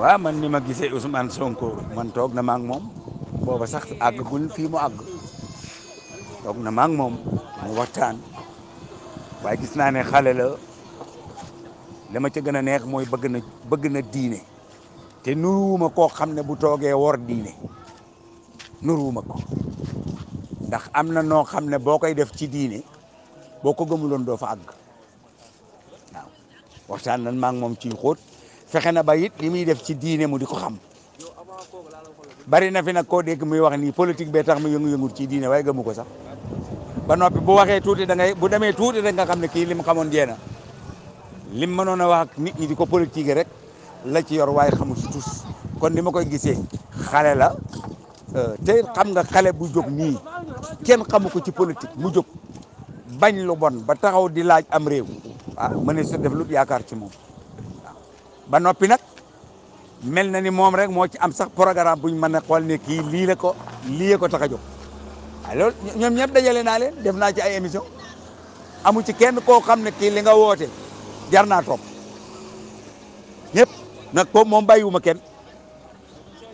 waa man ni ma gisee Ousmane Sonko man toog na ma moom booba sax àggagul fii mu àgg toog na ma moom mu waxtaan waaye gis naa ne xale la li ma ca gën a neex mooy bëgg na bëgg na diine te nuruwuma koo xam ne bu toogee wor diine nuruwuma ko ndax am na noo xam ne boo koy def ci diine boo ko gëmuloon doo fa àgg waaw waxtaan nan ma moom ciy xóot fexe na ba it li muy def ci diine mu di ko xam bari na fi nag koo dégg muy wax ni politique bee tax mu yëngu-yëngu ci diine waaye gëmu ko sax ba noppi bu waxee tuuti da ngay bu demee tuuti rek nga xam ne kii li mu xamoon jeena lim mënoon a wax nit ñi di ko politique rek la ci yor waaye xamu ci tous kon ni ma koy gisee xale la euh, te xam nga xale bu jóg nii kenn xamu ko ci politique mu jóg bañ lu bon ba taxaw di laaj am réew ah mënees def lu yaakaar ci moom. ba noppi nag mel na ni moom rek moo ci am sax programme buñ ma a xool ne kii lii la ko lii ko tax a jóg waaye loolu ñoom ñëpp dajale naa leen def naa ci ay émission amu ci kenn koo xam ne kii li nga woote jar naa topp ñëpp na ko moom bàyyiwuma kenn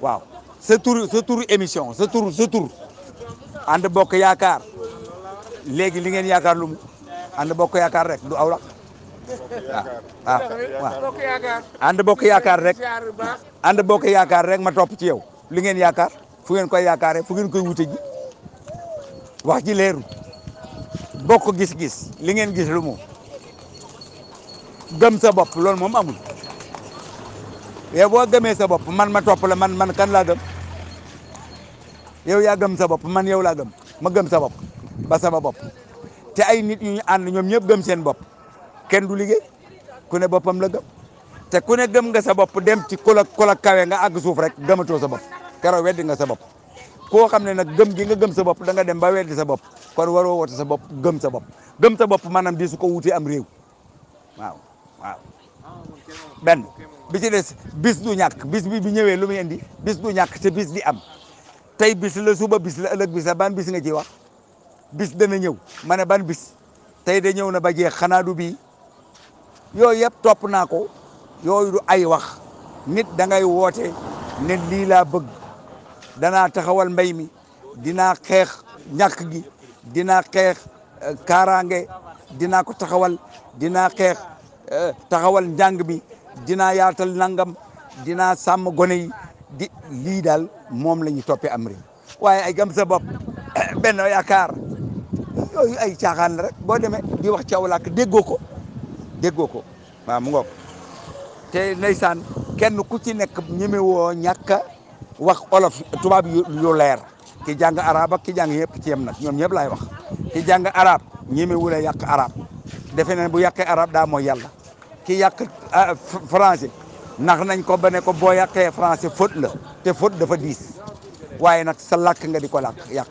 waaw sa tur sa tur émission sa tur sa tur ànd bokk yaakaar léegi li ngeen yaakaar lu mu ànd bokk yaakaar rek Ah, ah, waaw bokk yaakaar rek ànd bokk yaakaar rek ma topp ci yow li ngeen yaakaar fu ngeen koy yaakaaree fu ngeen koy wute ji wax ji leeru bokk gis-gis li ngeen gis lu mu gëm sa bopp loolu moom amul yow boo gëmee sa bopp man ma topp la man man kan laa gëm yow ya gëm sa bopp man yow laa gëm ma gëm sa bopp ba sama bopp te ay nit ñu ànd ñoom ñëpp gëm seen bopp kenn du liggéey ku boppam la gëm te ku ne gëm nga sa bopp dem ci kola kola kawe nga àgg suuf rek gëmatoo sa bopp keroog weddi nga sa bopp koo xam ne nag gëm gi nga gëm sa bopp da nga dem ba weddi sa bopp kon waroo woote sa bopp gëm sa bopp gëm sa bopp maanaam di su ko wutee am réew waaw benn bi ci des bis du ñàkk bis bi ñëwee lu muy indi bis du ñàkk te bis di am tey bis la suba bis la ëllëg bis la ban bis nga ci wax bis dana ñëw ma ne ban bis tey da ñëw na ba jeex xanaa du yooyu yëpp topp naa ko yooyu du ay wax nit da ngay woote nit lii laa bëgg danaa taxawal mbay mi dinaa xeex ñàkk gi dinaa xeex euh, kaaraange dinaa ko taxawal dinaa xeex euh, taxawal njàng mi dinaa yaatal nangam dinaa sàmm gone yi di lii daal moom la ñu toppee am réew waaye ay gam sa bopp benn yaakaar yooyu ay caaxaan rek boo demee di wax ci aw làkk déggoo ko déggoo ko waaw mu ngoog te ndeysaan kenn ku ci nekk ñemewoo ñàkk a wax olof tubaab yu leer ki jàng araab ak ki jàng yëpp ci yem nag ñoom ñëpp laay wax ki jàng arab ñemewula yàq arab defe ne bu yàqee arab daa mooy yàlla ki yàq ah, français nax nañ ko ba ne ko boo yàqee français faute la te faute dafa diis waaye nag sa lakk nga di ko làkk yàq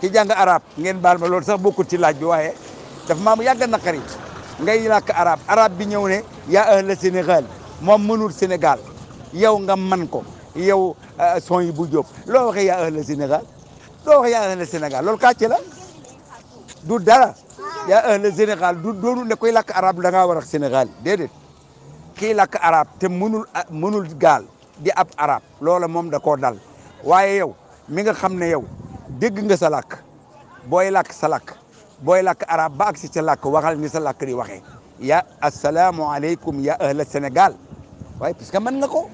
ki jàng arab ngeen baal ma loolu sax bokkul ci laaj bi waaye daf maa mu yàgg naqari ngay làkk arab arab bi ñëw ne ya ahla Sénégal moom mënul Sénégal yow nga man ko yow euh, son yi bu jóob loo waxee yaa ahla Sénégal loo waxee yaa ahla Sénégal loolu kàcce la du dara yaa ahla Sénégal du doonu ne koy làkk arab da ngaa war a Sénégal déedéet kii làkk arab te mënul gaal di ab araab loola moom da koo dal waaye yow mi nga xam ne yow dégg nga sa làkk booy làkk sa làkk booy lakk arab ba agsi sa lakk waxal ni sa làkk di waxee ya asalaamualeykum ya ahla Sénégal waaye parce que man nga ko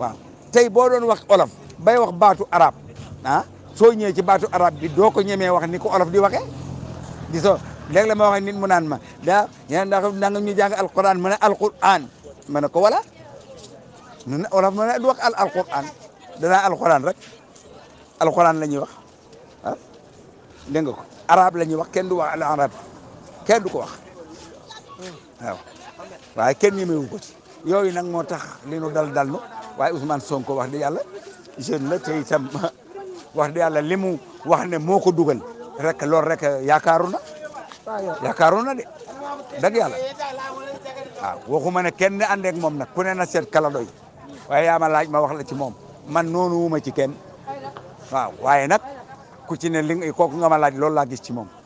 waaw tey boo doon wax olof bay wax baatu arab ah, soo ñëwee ci baatu arab bi doo ko ñemee wax ni ko olof di waxee di so léegi la ma waxee nit mu naan ma da yéen ndax nangam ñu jàng alquran mu ne alquran ma ne ko wala nu ne olof ma ne du wax al alquran danaa alquran rek alquran la ñuy wax ah dégg arab la ñuy wax kenn du wax al arab kenn du ko wax waaye kenn ñemewu ko ci yooyu nag moo tax li nu dal dal nu waaye Ousmane Sonko wax di yàlla jeune la te itam wax di yàlla li mu wax ne moo ko dugal rek loolu rek yaakaaru na yaakaaru na de dëgg yàlla waaw waxuma ne kenn ànd moom nag ku ne na seet kala waaye yaa laaj ma wax la ci moom man noonu wuma ci kenn waaw waaye nag ku ci ne li kooku nga ma laaj loolu laa